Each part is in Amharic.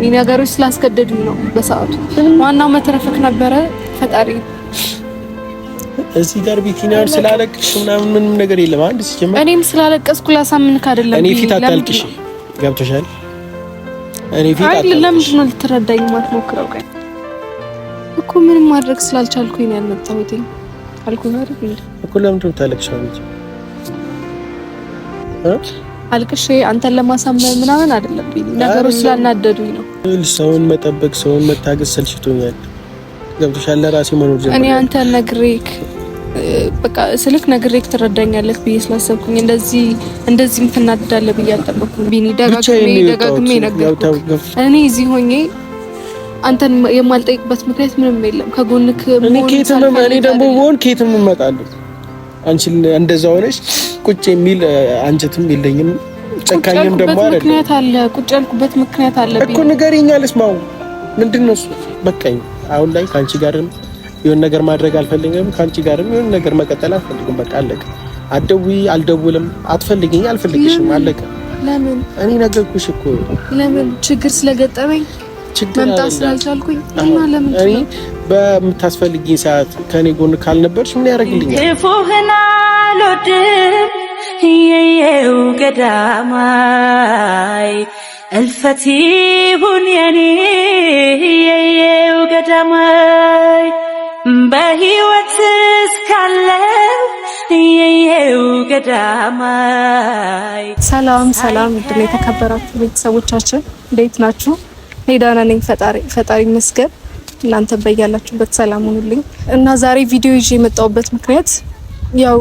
ያለብኝ ነገሮች ስላስገደዱኝ ነው። በሰዓቱ ዋናው መተረፈክ ነበረ። ፈጣሪ እዚህ ጋር ቢኪናን ስላለቅሽ ምናምን ምንም ነገር የለም። አንድ ሲጀምር እኔም ስላለቀስኩ ላሳምንክ አይደለም። እኔ ፊት አታልቅሽ። ገብቶሻል? እኔ ፊት አታልቅሽ። ለምንድን ነው ልትረዳኝ የማትሞክረው? ቀን እኮ ምንም ማድረግ ስላልቻልኩኝ ነው ያልመጣሁት አልኩህ አይደል እኮ ለምንድን ነው የምታለቅሽው? አልቅሼ አንተን ለማሳመን ምናምን አይደለም። ነገሮች ስላናደዱኝ ነው። ሰውን መጠበቅ፣ ሰውን መታገስ ሰልችቶኛል። ገብቶሻል። ለራሴ መኖር ጀመረ። እኔ አንተ ነግሬክ በቃ ስልክ ነግሬክ ትረዳኛለህ ብዬ ስላሰብኩኝ እንደዚህ እንደዚህ ምትናደዳለህ ብዬ አልጠበኩም። ቢኒ ደጋግሜ ደጋግሜ ነገርኩህ። እኔ እዚህ ሆኜ አንተን የማልጠይቅበት ምክንያት ምንም የለም። ከጎንክ እኔ ከየትም እኔ ደግሞ ብሆን ከየትም እመጣለሁ አንቺን እንደዛ ሆነሽ ቁጭ የሚል አንጀትም የለኝም። ጨካኝም ደግሞ አይደለም። ምክንያት አለ፣ ቁጭ ያልኩበት ምክንያት አለ እኮ ንገሪኝ። አልስማው ምንድን ነው እሱ? በቃኝ። አሁን ላይ ከአንቺ ጋርም የሆነ ነገር ማድረግ አልፈልግም። ከአንቺ ጋርም የሆነ ነገር መቀጠል አልፈልግም። በቃ አለቀ። አትደውይ፣ አልደውልም። አትፈልግኝ፣ አልፈልግሽም። አለቀ። ለምን? እኔ ነገርኩሽ እኮ ለምን ችግር ስለገጠመኝ መምጣት ስላልቻልኩኝ እና ለምን በምታስፈልጊኝ ሰዓት ከኔ ጎን ካልነበርሽ ምን ያደርግልኛል? ክፉህን አልወድም እየየው ገዳማይ እልፈት ይሁን የኔ የየው ገዳማይ በህይወት እስካለው ገዳማይ። ሰላም ሰላም፣ ውድ የተከበራችሁ ቤተሰቦቻችን እንዴት ናችሁ? እኔ ደህና ነኝ፣ ፈጣሪ ይመስገን። እናንተ በያላችሁበት ሰላም ሁኑልኝ እና ዛሬ ቪዲዮ ይዤ የመጣሁበት ምክንያት ያው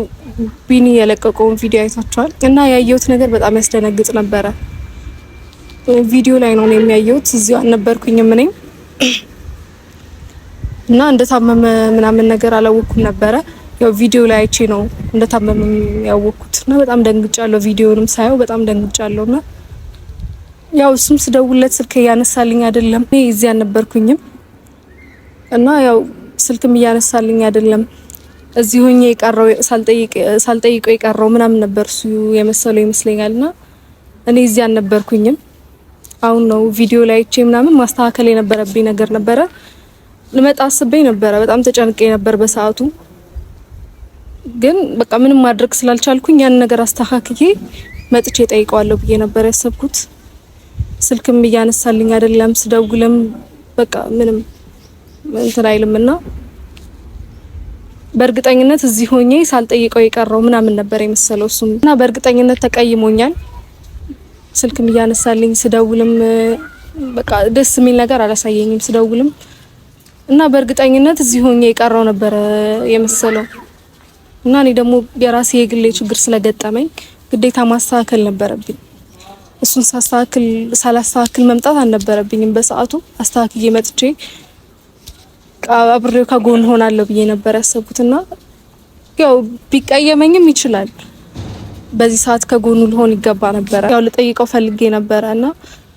ቢኒ የለቀቀውን ቪዲዮ አይታችኋል እና ያየሁት ነገር በጣም ያስደነግጥ ነበረ። ቪዲዮ ላይ ነው የሚያየሁት፣ እዚሁ አልነበርኩኝም እኔም እና እንደታመመ ምናምን ነገር አላወቅኩም ነበረ። ያው ቪዲዮ ላይ አይቼ ነው እንደታመመ ያወቅኩት እና በጣም ደንግጫለሁ። ቪዲዮንም ሳየው በጣም ደንግጫለሁ እና ያው እሱም ስደውለት ስልክ እያነሳልኝ አይደለም። እኔ እዚህ አልነበርኩኝም እና ያው ስልክም እያነሳልኝ አይደለም። እዚህ ሆኜ የቀረው ሳልጠይቀው የቀረው ምናምን ነበር እሱ የመሰለው ይመስለኛልና እኔ እዚህ አልነበርኩኝም። አሁን ነው ቪዲዮ ላይ አይቼ ምናምን ማስተካከል የነበረብኝ ነገር ነበረ። ልመጣ አስበኝ ነበረ። በጣም ተጨንቄ ነበር በሰዓቱ ግን በቃ ምንም ማድረግ ስላልቻልኩኝ ያን ነገር አስተካክዬ መጥቼ ጠይቀዋለሁ ብዬ ነበር ያሰብኩት። ስልክም እያነሳልኝ አይደለም፣ ስደውልም በቃ ምንም እንትን አይልም እና በእርግጠኝነት እዚህ ሆኜ ሳልጠይቀው የቀረው ምናምን ነበር የመሰለው እሱም እና በእርግጠኝነት ተቀይሞኛል። ስልክም እያነሳልኝ ስደውልም በቃ ደስ የሚል ነገር አላሳየኝም ስደውልም እና በእርግጠኝነት እዚህ ሆኜ የቀረው ነበር የመሰለው እና እኔ ደግሞ የራሴ የግሌ ችግር ስለገጠመኝ ግዴታ ማስተካከል ነበረብኝ። እሱን ሳስተካክል ሳላስተካክል መምጣት አልነበረብኝም። በሰዓቱ አስተካክዬ መጥቼ አብሬው ከጎን ሆናለሁ ብዬ ነበር ያሰብኩትና ያው ቢቀየመኝም ይችላል በዚህ ሰዓት ከጎኑ ልሆን ይገባ ነበረ። ያው ልጠይቀው ፈልጌ ነበረ እና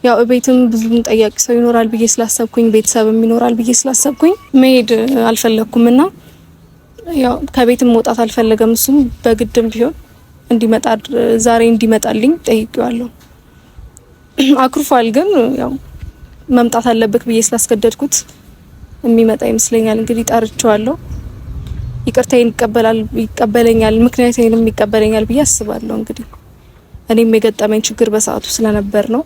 ያው ቤትም ብዙም ጠያቂ ሰው ይኖራል ብዬ ስላሰብኩኝ ቤተሰብም ይኖራል ብዬ ስላሰብኩኝ መሄድ አልፈለግኩም እና ያው ከቤትም መውጣት አልፈለገም። እሱም በግድም ቢሆን እንዲመጣ ዛሬ እንዲመጣልኝ ጠይቄዋለሁ። አኩርፏል። ግን ያው መምጣት አለበት ብዬ ስላስገደድኩት የሚመጣ ይመስለኛል። እንግዲህ ጠርቼዋለሁ። ይቅርታ ይቀበላል ይቀበለኛል፣ ምክንያቱም ይቀበለኛል ብዬ አስባለሁ። እንግዲህ እኔም የገጠመኝ ችግር በሰዓቱ ስለነበር ነው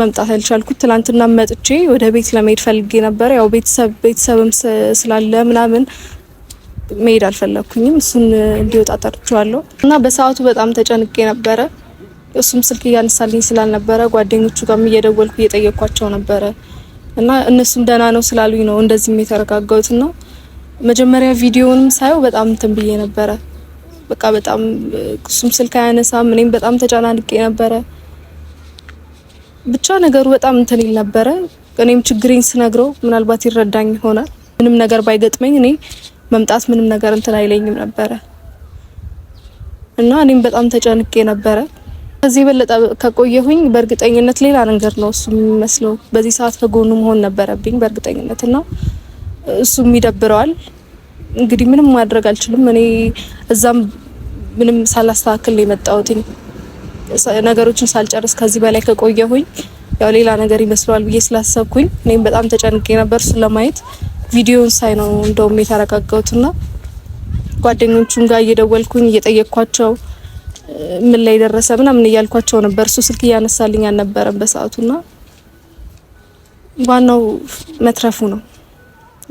መምጣት ያልቻልኩት። ትላንትና መጥቼ ወደ ቤት ለመሄድ ፈልጌ ነበር። ያው ቤተሰብ ቤተሰብም ስላለ ምናምን መሄድ አልፈለኩኝም። እሱን እንዲወጣ ጠርቼዋለሁ እና በሰዓቱ በጣም ተጨንቄ ነበረ። እሱም ስልክ እያነሳልኝ ስላልነበረ ጓደኞቹ ጋርም እየደወልኩ እየጠየኳቸው ነበረ እና እነሱም ደህና ነው ስላሉኝ ነው እንደዚህም የተረጋጋሁት ነው። መጀመሪያ ቪዲዮውንም ሳየው በጣም እንትን ብዬ ነበረ። በቃ በጣም እሱም ስልክ አያነሳም፣ እኔም በጣም ተጨናንቄ ነበረ። ብቻ ነገሩ በጣም እንትን ይል ነበረ። እኔም ችግሬን ስነግረው ምናልባት ይረዳኝ ይሆናል። ምንም ነገር ባይገጥመኝ እኔ መምጣት ምንም ነገር እንትን አይለኝም ነበረ እና እኔም በጣም ተጨንቄ ነበረ። ከዚህ የበለጠ ከቆየሁኝ በእርግጠኝነት ሌላ ነገር ነው እሱ የሚመስለው። በዚህ ሰዓት ከጎኑ መሆን ነበረብኝ በእርግጠኝነት እና እሱም ይደብረዋል። እንግዲህ ምንም ማድረግ አልችልም። እኔ እዛም ምንም ሳላስተካክል የመጣሁትኝ ነገሮችን ሳልጨርስ ከዚህ በላይ ከቆየሁኝ ያው ሌላ ነገር ይመስለዋል ብዬ ስላሰብኩኝ እኔም በጣም ተጨንቄ ነበር እሱን ለማየት ቪዲዮን ሳይ ነው እንደውም የተረጋጋሁትና ጓደኞቹን ጋር እየደወልኩኝ እየጠየቅኳቸው ምን ላይ ደረሰ ምናምን እያልኳቸው ነበር። እሱ ስልክ እያነሳልኝ አልነበረም በሰዓቱና ዋናው መትረፉ ነው።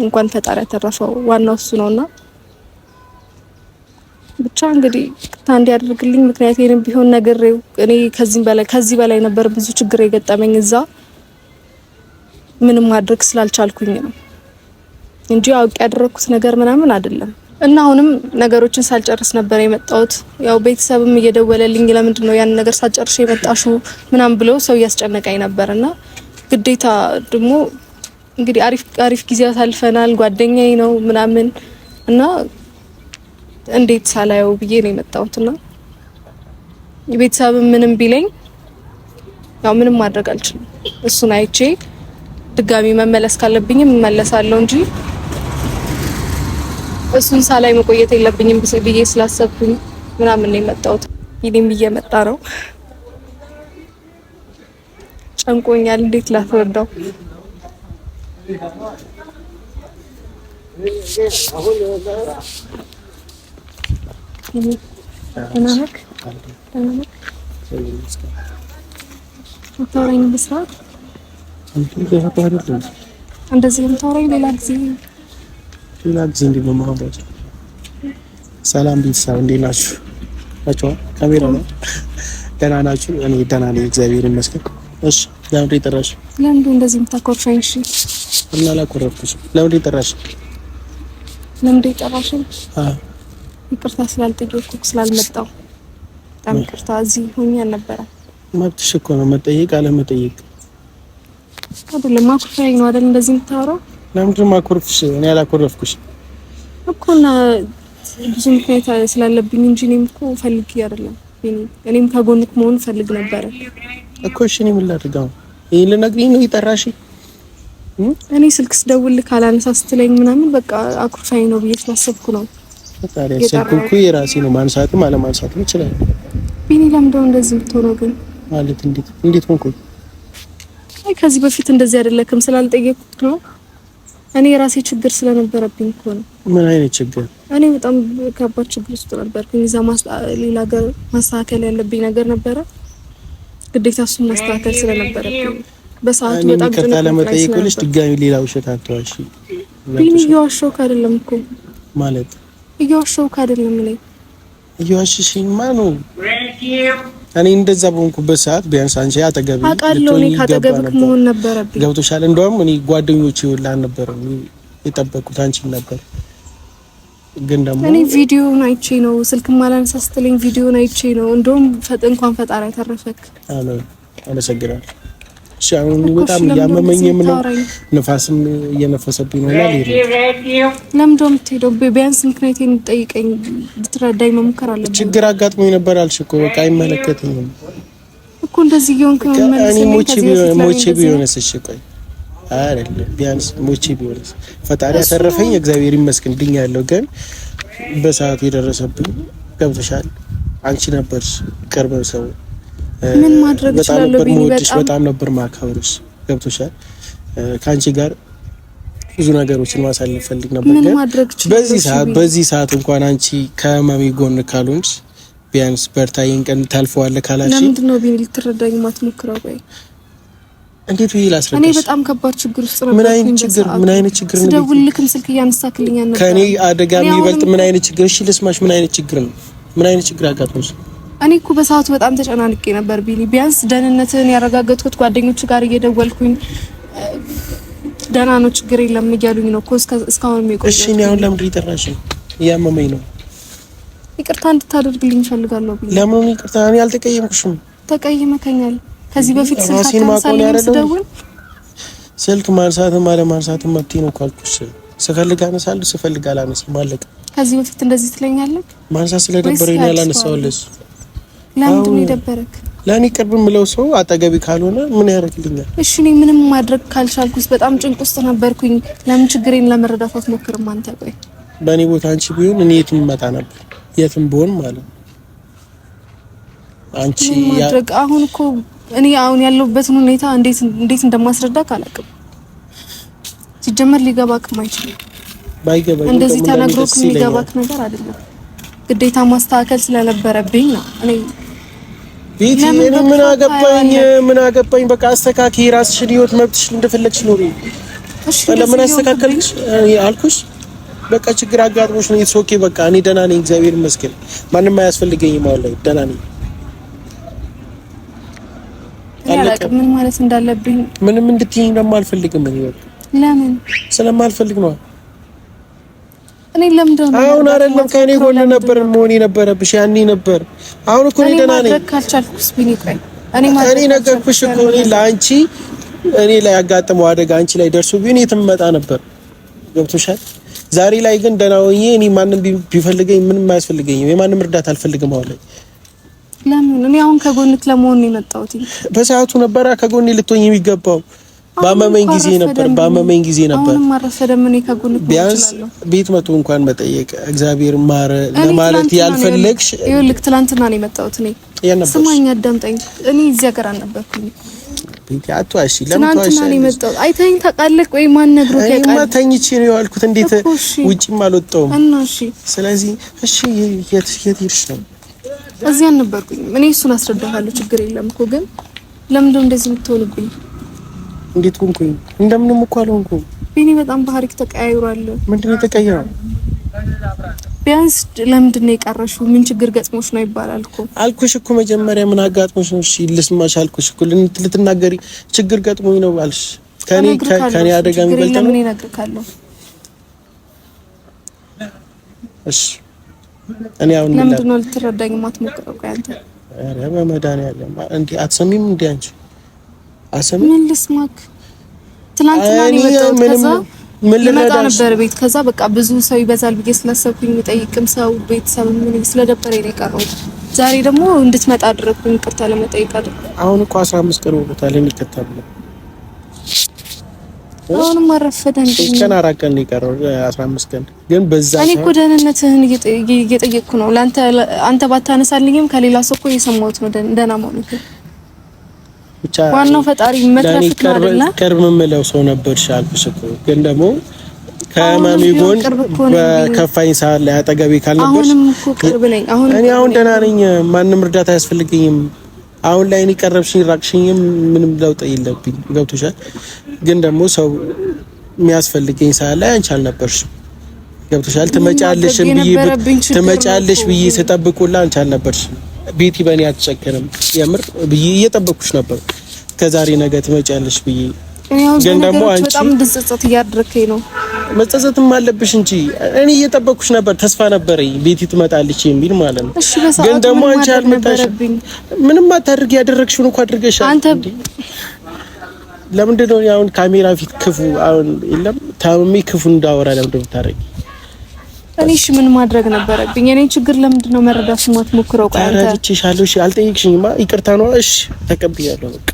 እንኳን ፈጣሪ ያተረፈው ዋናው እሱ ነውና ብቻ እንግዲህ ታንድ ያደርግልኝ። ምክንያት ይሄን ቢሆን ነግሬው እኔ ከዚህ በላይ ከዚህ በላይ ነበር ብዙ ችግር የገጠመኝ እዛ ምንም ማድረግ ስላልቻልኩኝ ነው እንጂ አውቄ ያደረኩት ነገር ምናምን አይደለም። እና አሁንም ነገሮችን ሳልጨርስ ነበር የመጣሁት። ያው ቤተሰብም እየደወለልኝ ለምንድን ነው ያን ነገር ሳልጨርሽ የመጣሹ ምናም ብሎ ሰው እያስጨነቀኝ ነበር እና ግዴታ ደግሞ እንግዲህ አሪፍ አሪፍ ጊዜ አሳልፈናል። ጓደኛዬ ነው ምናምን እና እንዴት ሳላየው ብዬ ነው የመጣሁት እና ቤተሰብም ምንም ቢለኝ ያው ምንም ማድረግ አልችልም። እሱን አይቼ ድጋሚ መመለስ ካለብኝም እመለሳለሁ እንጂ እሱን ሳላይ መቆየት የለብኝም ብዬ ስላሰብኩኝ ምናምን ነው የመጣሁት። ብዬ መጣ ነው። ጨንቆኛል። እንዴት ላስረዳው? እንደዚህ የምታወራኝ ሌላ ጊዜ ሌላ ጊዜ እንዲህ በማውራት ሰላም ቤተሰብ እንዴት ናችሁ? ናቸው ካሜራ ነው። ደህና ናችሁ? እኔ ደህና ነኝ፣ እግዚአብሔር ይመስገን። እሺ ለምንድን የጠራሽ? ለምንድን እንደዚህ የምታኮርፈኝ? እሺ እና አላኮረፍኩሽም። ለምንድን የጠራሽ? ለምንድን የጠራሽ? አዎ ይቅርታ ስላልጠየቅኩ ስላልመጣሁ በጣም ይቅርታ። እዚህ ሆኜ አልነበረም። መብትሽ እኮ ነው መጠየቅ አለመጠየቅ አይደለም። አኩርፈኝ ነው አይደል እንደዚህ የምታወራው ለምንድን ማኮርፍሽ? እኔ አላኮረፍኩሽ እኮ እና ብዙ ምክንያት ስላለብኝ እንጂ እኔም እኮ ፈልጌ አይደለም። እኔም ከጎንክ መሆን ፈልግ ነበረ እኮ። እሺ እኔ ምን ላድርገው? ይሄን ልነግሪኝ ነው የጠራሽ? እኔ ስልክ ስደውልልህ ካላነሳ ስትለኝ ምናምን በቃ አኩርፋኝ ነው ብዬ ስላሰብኩ ነው። ታዲያ ስልኩ እኮ የራሴ ነው፣ ማንሳትም አለማንሳትም ይችላል። ቢኒ ለምደው እንደዚህ የምትሆነው ግን ማለት እንዴት እንዴት ሆንኩኝ? አይ ከዚህ በፊት እንደዚህ አይደለክም ስላልጠየቅኩት ነው እኔ የራሴ ችግር ስለነበረብኝ እኮ ነው። ምን አይነት ችግር? እኔ በጣም ከባድ ችግር ውስጥ ነበርኩኝ። እዛ ሌላ ሀገር ማስተካከል ያለብኝ ነገር ነበረ። ግዴታ እሱን ማስተካከል ስለነበረብኝ በሰዓቱ በጣም ጥንቃቄ ለመጠየቅ ልጅ ድጋሚ ሌላ ውሸት አትዋሽ። ቢኒ እየዋሸሁክ አይደለም እኮ ማለት እየዋሸሁክ አይደለም። እኔ እየዋሸሽኝ ማነው? እኔ እንደዛ በሆንኩበት ሰዓት ቢያንስ አንቺ አጠገብ አውቃለሁ፣ እኔ ካጠገብክ መሆን ነበረብኝ። ገብቶሻል። እንደውም እኔ ጓደኞቼ ይውላ ነበር የጠበቁት አንቺ ነበር። ግን ደግሞ እኔ ቪዲዮን አይቼ ነው ስልክ ማላነሳ ስትለኝ ቪዲዮን አይቼ ነው። እንደውም እንኳን ፈጣሪ ያተረፈክ። አሜን። አመሰግናለሁ። አሁን በጣም እያመመኝም ነው፣ ንፋስም እየነፈሰብኝ ነው። ነው ለምዶ የምትሄደው ቢያንስ ምክንያት የምትጠይቀኝ ልትረዳኝ መሞከር አለ። ችግር አጋጥሞኝ ነበር አልሽ እኮ በቃ አይመለከትኝም እኮ እንደዚህ እየሆንክ እኔ ሞቼ ቢሆንስ? እሺ ቆይ አይደለም ቢያንስ ሞቼ ቢሆንስ? ፈጣሪ ያተረፈኝ እግዚአብሔር ይመስገን ድኛለሁ። ግን በሰዓቱ የደረሰብኝ ገብተሻል። አንቺ ነበርሽ ቅርብ ሰው ምን ማድረግ እችላለሁ? በጣም ነበር ማከብርሽ። ገብቶሻል። ከአንቺ ጋር ብዙ ነገሮችን ማሳለፍ ፈልግ ነበር። ግን በዚህ ሰዓት በዚህ ሰዓት እንኳን አንቺ ከማሚ ጎን ካልሆንሽ ቢያንስ በርታ፣ ይሄን ቀን ታልፈዋለህ ካላልሽ ለምንድን ነው ቢኒ ልትረዳኝ ማትሞክረው? ቆይ እንዴት ይሄ ላስረዳሽ? እኔ በጣም ከባድ ችግር ውስጥ ነው። ምን አይነት ችግር? ምን አይነት ችግር ነው? ስደውልልክም ስልክ እያነሳክልኝ ነበር። ከኔ አደጋ የሚበልጥ ምን አይነት ችግር? እሺ ልስማሽ። ምን አይነት ችግር ነው? ምን አይነት ችግር አጋጥሞሽ? እኔ እኮ በሰዓቱ በጣም ተጨናንቄ ነበር ቢኒ። ቢያንስ ደህንነትን ያረጋገጥኩት ጓደኞች ጋር እየደወልኩኝ ደህና ነው፣ ችግር የለም እያሉኝ ነው እኮ እስካሁን የሚቆየው። እሺ እኔ አሁን ለምንድን የጠራሽ ነው? እያመመኝ ነው። ይቅርታ እንድታደርግልኝ እፈልጋለሁ ቢኒ። ለምን ይቅርታ? እኔ አልተቀየምኩሽም። ተቀይመከኛል። ከዚህ በፊት ስልክ ስልክ ማንሳትም አለማንሳትም መብቴ ነው እኮ አልኩሽ። ስፈልግ አነሳለሁ፣ ስፈልግ አላነሳም። አለቀ። ከዚህ በፊት እንደዚህ ትለኛለህ። ማንሳት ስለደበረኝ ያላነሳሁልህ ለምንድን ነው የደበረክ? ለእኔ ቅርብ የምለው ሰው አጠገቢ ካልሆነ ምን ያደርግልኛል? እሺ እኔ ምንም ማድረግ ካልቻልኩስ? በጣም ጭንቅ ውስጥ ነበርኩኝ። ለምን ችግሬን ለመረዳት አትሞክርም አንተ? ቆይ በእኔ ቦታ አንቺ ቢሆን እኔ የትም እመጣ ነበር፣ የትም ብሆን ማለት ነው። አንቺ ማድረግ አሁን እኮ እኔ አሁን ያለሁበትን ሁኔታ እንዴት እንዴት እንደማስረዳ አላውቅም። ሲጀመር ሊገባክ አይችልም። ባይገባ እንደዚህ ተነግሮክ የሚገባክ ነገር አይደለም። ግዴታ ማስተካከል ስለነበረብኝ ነው እኔ ቤቲ ምን ምን አገባኝ ምን አገባኝ በቃ አስተካክ የራስሽን ህይወት መብትሽ እንደፈለግሽ ኑሪ ለምን አስተካከልሽ አልኩሽ በቃ ችግር አጋጥሞሽ ነው ኦኬ በቃ እኔ ደህና ነኝ እግዚአብሔር ይመስገን ማንም አያስፈልገኝም አሁን ላይ ደህና ነኝ ምን ማለት እንዳለብኝ ምንም እንድትይኝ ለማልፈልግም። አልፈልግም እኔ በቃ ለምን ስለማልፈልግ ነው አሁን አይደለም ከእኔ ጎን ነበር መሆን የነበረብሽ ያኔ ነበር። አሁን እኮ እኔ ደህና ነኝ። እኔ ነገርኩሽ እኮ እኔ ለአንቺ እኔ ላይ ያጋጠመው አደጋ አንቺ ላይ ደርሶ ቢሆን የትም መጣ ነበር። ገብቶሻል። ዛሬ ላይ ግን ደህና ሆኜ እኔ ማንም ቢፈልገኝ ምንም አያስፈልገኝም። የማንም እርዳታ አልፈልግም አሁን ላይ ለምን እኔ አሁን ከጎንክ ለመሆን ነው የመጣሁት። በሰዓቱ ነበራ ከጎኔ ልትሆኝ የሚገባው ባመመኝ ጊዜ ነበር ባመመኝ ጊዜ ነበር። ቢያንስ ቤት መቶ እንኳን መጠየቅ እግዚአብሔር ማረ ለማለት ያልፈለግሽ ይኸውልህ፣ ትላንትና ነው የመጣሁት። እኔ ስማኝ፣ አዳምጠኝ። እኔ እዚህ ሀገር አልነበርኩኝ። ትናንትና ወይ? ማን ነው እንዴት እሺ። ስለዚህ እሺ፣ የት ነው? እዚህ እኔ። እሱን አስረዳሃለሁ፣ ችግር የለም እኮ ግን ለምንድነው እንደዚህ የምትሆንብኝ? እንዴት ሆንኩኝ? እንደምንም እኮ አልሆንኩም። ቢኒ በጣም ባህሪክ ተቀያይሯል። ምንድን ነው የተቀየረው? ቢያንስ ለምንድን ነው የቀረሽው? ምን ችግር ገጥሞሽ ነው ይባላል እኮ አልኩሽ እኮ መጀመሪያ። ምን አጋጥሞሽ ነው? እሺ ልስማሽ አልኩሽ እኮ ልትናገሪ። ችግር ገጥሞኝ ነው አልሽ። ከኔ ከኔ አደጋ የሚበልጥ ነው ምን እነግርካለሁ። እሺ እኔ አሁን ለምንድን ነው ልትረዳኝ የማትሞክረው? ቆይ አንተ ኧረ በመድኃኒዓለም እንዴ አትሰሚም እንዴ አንቺ ምን ልስማክ? ትናንትና ነበር ቤት። ከዛ በቃ ብዙ ሰው ይበዛል ብዬ ስላሰብኩኝ የሚጠይቅም ሰው ቤተሰብ ምን ስለደበረኝ ነው የቀረሁት። ዛሬ ደግሞ እንድትመጣ አደረግኩኝ፣ ይቅርታ ለመጠየቅ አይደል። አሁን እኮ 15 ቀን ሆኖታል። እንከታለ አሁንም አረፈደ ቀን አራት ቀን የቀረው 15 ቀን ግን በዛ እኔ እኮ ደህንነትህን እየጠየቅኩ ነው። ላንተ አንተ ባታነሳልኝም ከሌላ ሰው እኮ እየሰማሁት ነው ደህና ማለት ብቻ ዋናው ፈጣሪ መትረፍክ ነው። ቅርብ የምለው ሰው ነበርሽ አልኩሽ እኮ ግን ደግሞ ከማሚ ጎን በከፋኝ ሰዓት ላይ አጠገቤ ካልነበርሽ እኔ አሁን ደህና ነኝ፣ ማንም እርዳታ አያስፈልገኝም። አሁን ላይ እኔ ቀረብሽኝ ራቅሽኝም ምንም ለውጥ የለብኝ። ገብቶሻል? ግን ደግሞ ሰው የሚያስፈልገኝ ሰዓት ላይ አንቺ አልነበርሽም። ገብቶሻል? ትመጫለሽ ብዬ ትመጫለሽ ብዬ ስጠብቅ ሁላ አንቺ አልነበርሽም። ቤቲ በእኔ አትጨክንም የምር ብዬ እየጠበቅኩሽ ነበር። ከዛሬ ነገ ትመጪያለሽ ብዬ ግን ደግሞ አንቺ በጣም ድጽጽት እያደረከኝ ነው። መጸጸትም አለብሽ እንጂ እኔ እየጠበቅኩሽ ነበር። ተስፋ ነበረኝ ቤቲ ትመጣለች የሚል ማለት ነው። ግን ደግሞ አንቺ አልመጣሽም። ምንም አታድርጊ፣ ያደረግሽውን እኮ አድርገሻል። አንተ ለምንድን ነው አሁን ካሜራ ፊት ክፉ አሁን የለም ታምሜ ክፉ እንዳወራ ለምንድን ነው ታረጊ? እኔ ምን ማድረግ ነበረብኝ? እኔ ችግር ለምንድን ነው መረዳት ማትሞክረው? ቆይ አንተ ታረጋግቼሻለሁ። እሺ አልጠየቅሽኝማ። ይቅርታ ነው። እሺ ተቀብያለሁ በቃ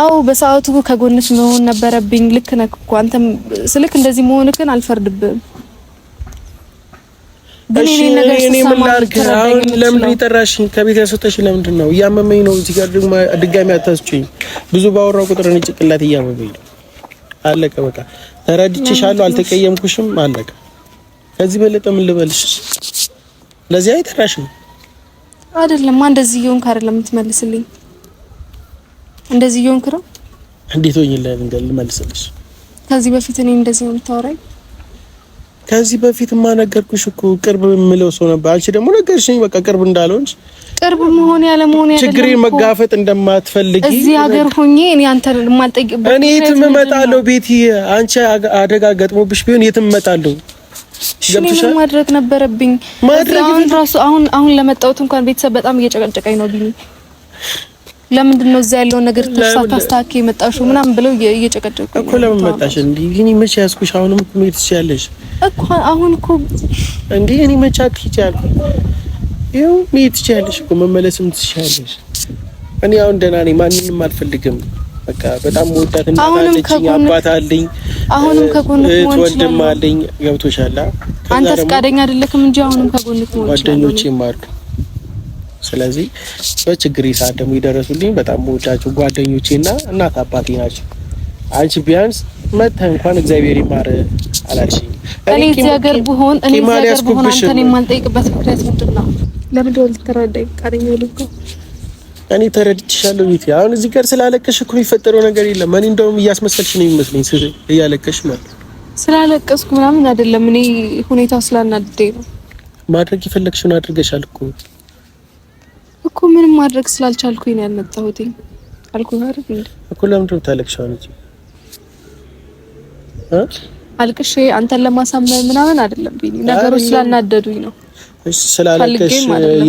አው በሰዓቱ ከጎንሽ መሆን ነበረብኝ። ልክ ነህ እኮ አንተም ስልክ እንደዚህ መሆን ግን እኔ ለምን የጠራሽኝ? ከቤት ያስወጣሽኝ ለምንድን ነው? እያመመኝ ነው። እዚህ ጋር ድጋሚ አታስችኝ። ብዙ ባወራው ቁጥር እኔ ጭቅላት እያመመኝ ነው። አለቀ በቃ ተረድቼሻለሁ። አልተቀየምኩሽም። አለቀ። ከዚህ በለጠ ምን ልበልሽ? ለዚህ አይጠራሽም አይደለም እንደዚህ ይሁን ካረለም የምትመልስልኝ እንደዚህ እየሆንክ ነው። እንዴት ሆኜ ልመልስልሽ? ከዚህ በፊት እኔ እንደዚህ ነው የምታወራኝ? ከዚህ በፊትማ ነገርኩሽ እኮ ቅርብ የምለው ሰው ነበር። አንቺ ደግሞ ነገርሽኝ፣ በቃ ቅርብ እንዳልሆንሽ ቅርብ መሆን ያለ መሆን ያለ ችግሬን መጋፈጥ እንደማትፈልጊ እዚህ ሀገር ሆኜ እኔ አንተ ማልጠይቅበት እኔ የትም እመጣለሁ። ቤቲ አንቺ አደጋ ገጥሞብሽ ቢሆን የትም እመጣለሁ። ምን ማድረግ ነበረብኝ? አሁን ራሱ አሁን አሁን ለመጣሁት እንኳን ቤተሰብ በጣም እየጨቀጨቀኝ ነው ቢኝ ለምንድን ነው እዛ ያለውን ነገር ታስታኪ የመጣሽው ምናምን ብለው እየጨቀጨቁ እኮ ለምን መጣሽ እንዴ? እኔ መቼ ያዝኩሽ? አሁንም እኮ መሄድ ትችያለሽ እኮ አሁን እኮ እንዴ እኔ መቼ አትሄጂ አልኩኝ። ይኸው መሄድ ትችያለሽ እኮ መመለስም ትችያለሽ። እኔ አሁን ደህና ነኝ፣ ማንንም አልፈልግም። በቃ በጣም ወዳት እናታለች፣ አባት አለኝ፣ አሁንም ከጎንህ ወንድም አለኝ። ገብቶሻል? አንተ ፈቃደኛ አይደለክም እንጂ አሁንም ከጎንህ ወንድም ጓደኞቼም አሉ ስለዚህ በችግር ሰዓት ደግሞ ይደረሱልኝ በጣም መወዳቸው ጓደኞቼ እና እናት አባቴ ናቸው። አንቺ ቢያንስ መተህ እንኳን እግዚአብሔር ይማር አላልሽኝ። እኔ እዚህ ሀገር ብሆን እኔ እዚህ ሀገር ብሆን አንተን የማልጠይቅበት ምክንያት ምንድን ነው? ለምን ደወል ልትረዳኝ ቃደኛ ልኩ እኔ ተረድቼሻለሁ። ቤት አሁን እዚህ ጋር ስላለቀሽ እኮ የሚፈጠረው ነገር የለም። እኔ እንደውም እያስመሰልሽ ነው የሚመስለኝ እያለቀሽ ማለት ስላለቀስኩ ምናምን አይደለም። እኔ ሁኔታው ስላናደደኝ ነው። ማድረግ የፈለግሽውን አድርገሻል እኮ ምንም ማድረግ ስላልቻልኩኝ ነው ያልመጣሁት አልኩ። አይደል እንዴ? እኮ ለምንድን ነው የምታለቅሽው? አልቅሼ አንተን ለማሳመን ምናምን አይደለም ቢኒ፣ ነገሮች ስላናደዱኝ ነው። እሺ ስላለቀሽ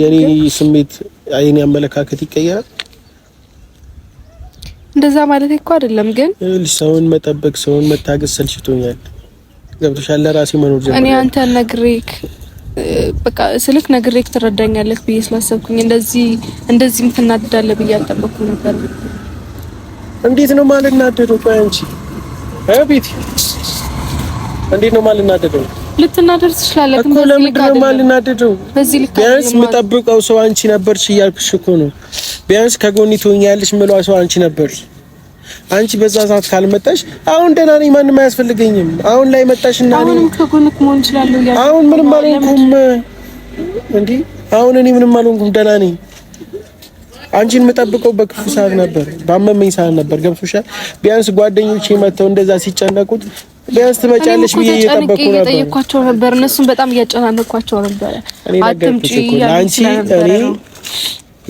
የኔ ስሜት የኔ አመለካከት ይቀየራል። እንደዛ ማለት እኮ አይደለም ግን ሰውን መጠበቅ ሰውን መታገስ ሰልችቶኛል። ገብቶሻል? ለራሴ መኖር ጀምሬ እኔ አንተ ነግሬክ በቃ ስልክ ነግሬክ ትረዳኛለህ ብዬ ስላሰብኩኝ እንደዚህ እንደዚህ የምትናደዳለህ ብዬ አልጠበኩም ነበር። እንዴት ነው ማልናደደው? ቆይ አንቺ ቤቲ እንዴት ነው ማልናደደው? ልትናደድ ትችላለህ እኮ። ለምንድን ነው የማልናደደው? ቢያንስ የምጠብቀው ሰው አንቺ ነበርሽ እያልኩሽ እኮ ነው። ቢያንስ ከጎኔ ትሆኛለሽ የምለው ሰው አንቺ ነበርሽ። አንቺ በዛ ሰዓት ካልመጣሽ አሁን ደህና ነኝ፣ ማንም አያስፈልገኝም። አሁን ላይ መጣሽና አሁንም ከጎንክ መሆን እችላለሁ። አሁን ምንም አልሆንኩም እንዴ! አሁን እኔ ምንም አልሆንኩም፣ ደህና ነኝ። አንቺን የምጠብቀው በክፉ ሰዓት ነበር፣ ባመመኝ ሰዓት ነበር። ገብቶሻል? ቢያንስ ጓደኞቼ መተው እንደዛ ሲጨነቁት ቢያንስ ትመጫለሽ ብዬ እየጠበቅኩ ነበር ነበር እነሱም በጣም እያጨናነኳቸው ነበር። አትምጪ አንቺ እኔ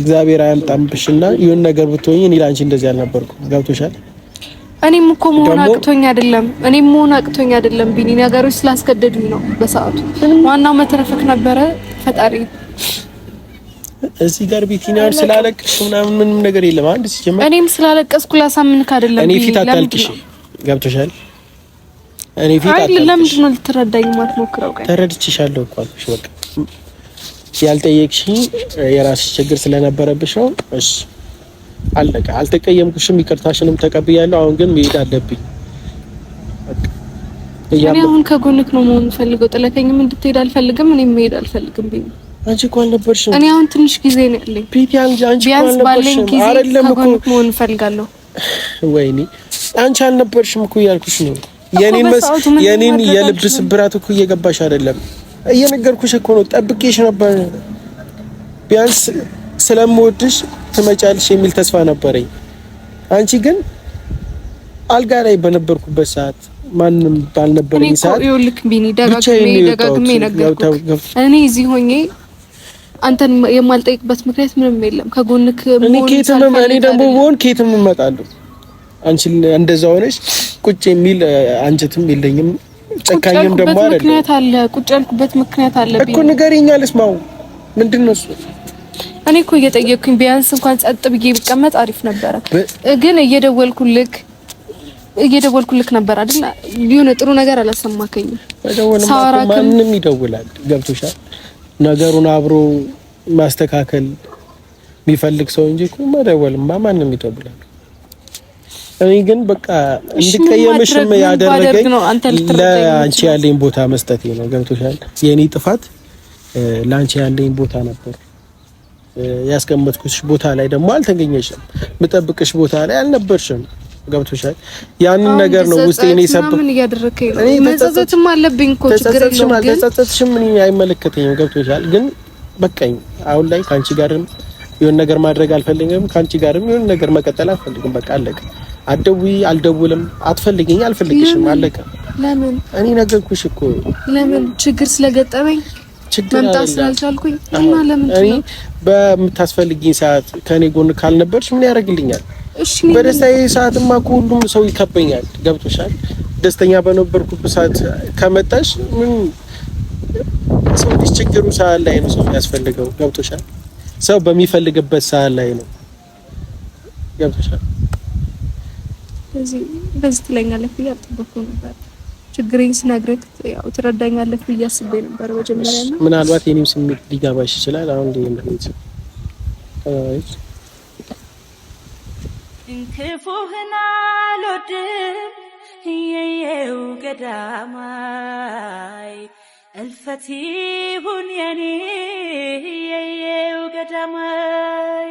እግዚአብሔር አያምጣብሽና ይሁን ነገር ብትሆኝ እኔ ለአንቺ እንደዚህ አልነበርኩም። ገብቶሻል? እኔም እኮ መሆን አቅቶኝ አይደለም፣ እኔም መሆን አቅቶኝ አይደለም። ቢኒ ነገሮች ስላስገደዱኝ ነው በሰዓቱ። ዋናው መተረፈክ ነበረ። ፈጣሪ እዚህ ጋር ቤቲና ስላለቅሽ ምናምን ምንም ነገር የለም። አንድ ሲጀምር እኔም ስላለቀስኩ ላሳምንክ አይደለም። እኔ ፊት አታልቅሽ፣ ገብቶሻል? እኔ ፊት አታልቅሽ። ለምንድን ነው ልትረዳኝ የማትሞክረው? ተረድቼሻለሁ እኮ አልኩሽ። በቃ ያልጠየቅሽኝ የራስሽ ችግር ስለነበረብሽ ነው። እሺ አለቀ። አልተቀየምኩሽም፣ ይቅርታሽንም ተቀብያለሁ። አሁን ግን መሄድ አለብኝ። እኔ አሁን ከጎንክ ነው መሆን ፈልገው። ጥለከኝም እንድትሄድ አልፈልግም። እኔ መሄድ አልፈልግም። ቤቢ አንቺ እኮ አልነበርሽም። እኔ አሁን ትንሽ ጊዜ ነው ያለኝ። ቤቢ አንቺ አንቺ እኮ ቢያንስ ባለኝ ጊዜ ከጎንክ መሆን እፈልጋለሁ። ወይኔ አንቺ አልነበርሽም እኮ እያልኩሽ ነው። መስ የኔን የልብ ስብራት እኮ እየገባሽ አይደለም። እየነገርኩሽ እኮ ነው። ጠብቄሽ ነበር ቢያንስ ስለምወድሽ ትመጫልሽ የሚል ተስፋ ነበረኝ። አንቺ ግን አልጋ ላይ በነበርኩበት ሰዓት ማንም ባልነበረኝ ሰዓት እኔ ልክ ቢኒ ደጋግሜ ደጋግሜ ነገርኩህ። እኔ እዚህ ሆኜ አንተን የማልጠይቅበት ምክንያት ምንም የለም። ከጎንክ እኔ ኬትም እኔ ደግሞ ብሆን ኬትም እመጣለሁ። አንቺ እንደዛ ሆነሽ ቁጭ የሚል አንጀትም የለኝም። ጨካኝም ደግሞ አይደለም። ምክንያት አለ ቁጭ ያልኩበት ምክንያት አለ እኮ ንገሪኛልስ። ማው ምንድን ነው እሱ? እኔ እኮ እየጠየቅኩኝ ቢያንስ እንኳን ጸጥ ብዬ ቢቀመጥ አሪፍ ነበረ። ግን እየደወልኩልክ እየደወልኩልክ ነበር አይደል? የሆነ ጥሩ ነገር አላሰማከኝም። ማንም ይደውላል። ገብቶሻል? ነገሩን አብሮ ማስተካከል የሚፈልግ ሰው እንጂ እኮ መደወልማ ማንም ይደውላል። እኔ ግን በቃ እንድቀየምሽም ያደረገኝ ለአንቺ ያለኝ ቦታ መስጠቴ ነው። ገብቶሻል? የኔ ጥፋት ለአንቺ ያለኝ ቦታ ነበር ያስቀመጥኩሽ ቦታ ላይ ደግሞ አልተገኘሽም። ምጠብቅሽ ቦታ ላይ አልነበርሽም። ገብቶሻል። ያንን ነገር ነው ውስጥ እኔ ሰብ ምን ሰብኩ። መጸጸትም አለብኝ እኮ ችግር የለውም ግን ተጸጸትሽም ምን አይመለከተኝም። ገብቶሻል። ግን በቃኝ። አሁን ላይ ካንቺ ጋርም የሆነ ነገር ማድረግ አልፈልግም። ካንቺ ጋርም የሆነ ነገር መቀጠል አልፈልግም። በቃ አለቀ። አደዊ አልደውልም። አትፈልግኝ፣ አልፈልግሽም። አለቀ። ለምን? እኔ ነገርኩሽ እኮ ለምን ችግር ስለገጠመኝ መምጣት ስላልቻልኩኝ እና ለምን እኔ ሰዓት ከኔ ጎን ካልነበርሽ ምን ያደርግልኛል? በደስታዬ ሰዓትማ እኮ ሁሉም ሰው ይከበኛል። ገብቶሻል? ደስተኛ በነበርኩበት ሰዓት ከመጣሽ ምን ሰው ልጅ ችግሩ ሰዓት ላይ ነው ሰው የሚያስፈልገው። ገብቶሻል? ሰው በሚፈልግበት ሰዓት ላይ ነው። ገብቶሻል? በዚህ በዚህ ትለኛለህ ብዬሽ አልጠበኩም ነበር። ችግሬን ስነግርህ ያው ትረዳኛለህ ብዬ አስቤ ነበር መጀመሪያ እና ምናልባት የኔም ስሜት ሊጋባሽ ይችላል። አሁን እንደ እንደዚህ አይት እንክፉህን አልወድም የየው ገዳማይ እልፈት ይሁን የኔ የየው ገዳማይ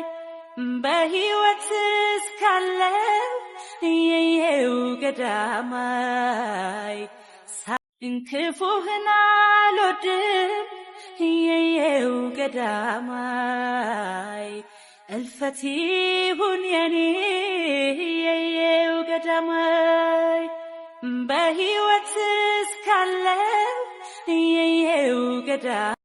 በህይወት እስካለ የየው ገዳማይ ክፉህን አልወድም እየየው ገዳማይ እልፈት ይሁን የኔ እየየው ገዳማይ በሕይወት እስካለው እየየው ገዳ